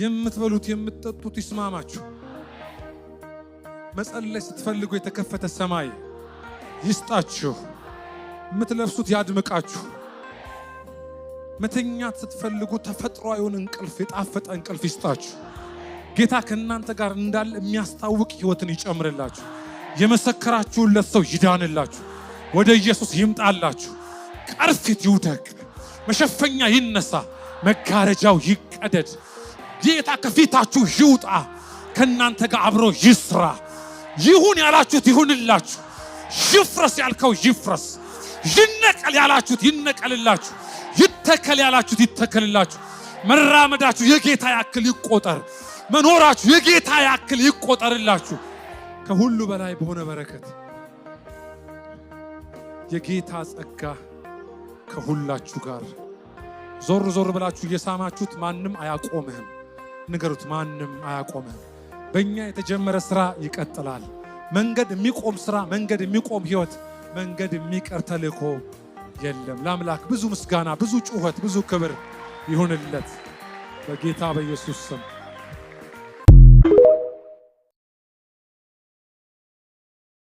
የምትበሉት የምትጠጡት ይስማማችሁ። መጸለይ ስትፈልጉ የተከፈተ ሰማይ ይስጣችሁ። የምትለብሱት ያድምቃችሁ። መተኛት ስትፈልጉ ተፈጥሯዊውን እንቅልፍ የጣፈጠ እንቅልፍ ይስጣችሁ። ጌታ ከእናንተ ጋር እንዳለ የሚያስታውቅ ሕይወትን ይጨምርላችሁ። የመሰከራችሁለት ሰው ይዳንላችሁ። ወደ ኢየሱስ ይምጣላችሁ። ቀርፊት ይውደቅ፣ መሸፈኛ ይነሳ፣ መጋረጃው ይቀደድ። ጌታ ከፊታችሁ ይውጣ፣ ከእናንተ ጋር አብሮ ይስራ። ይሁን ያላችሁት ይሁንላችሁ፣ ይፍረስ ያልከው ይፍረስ፣ ይነቀል ያላችሁት ይነቀልላችሁ፣ ይተከል ያላችሁት ይተከልላችሁ። መራመዳችሁ የጌታ ያክል ይቆጠር፣ መኖራችሁ የጌታ ያክል ይቆጠርላችሁ። ከሁሉ በላይ በሆነ በረከት የጌታ ጸጋ ከሁላችሁ ጋር ዞር ዞር ብላችሁ እየሳማችሁት ማንም አያቆምህም። ንገሩት፣ ማንም አያቆመ። በእኛ የተጀመረ ስራ ይቀጥላል። መንገድ የሚቆም ስራ፣ መንገድ የሚቆም ህይወት፣ መንገድ የሚቀር ተልእኮ የለም። ለአምላክ ብዙ ምስጋና፣ ብዙ ጩኸት፣ ብዙ ክብር ይሁንለት በጌታ በኢየሱስ ስም።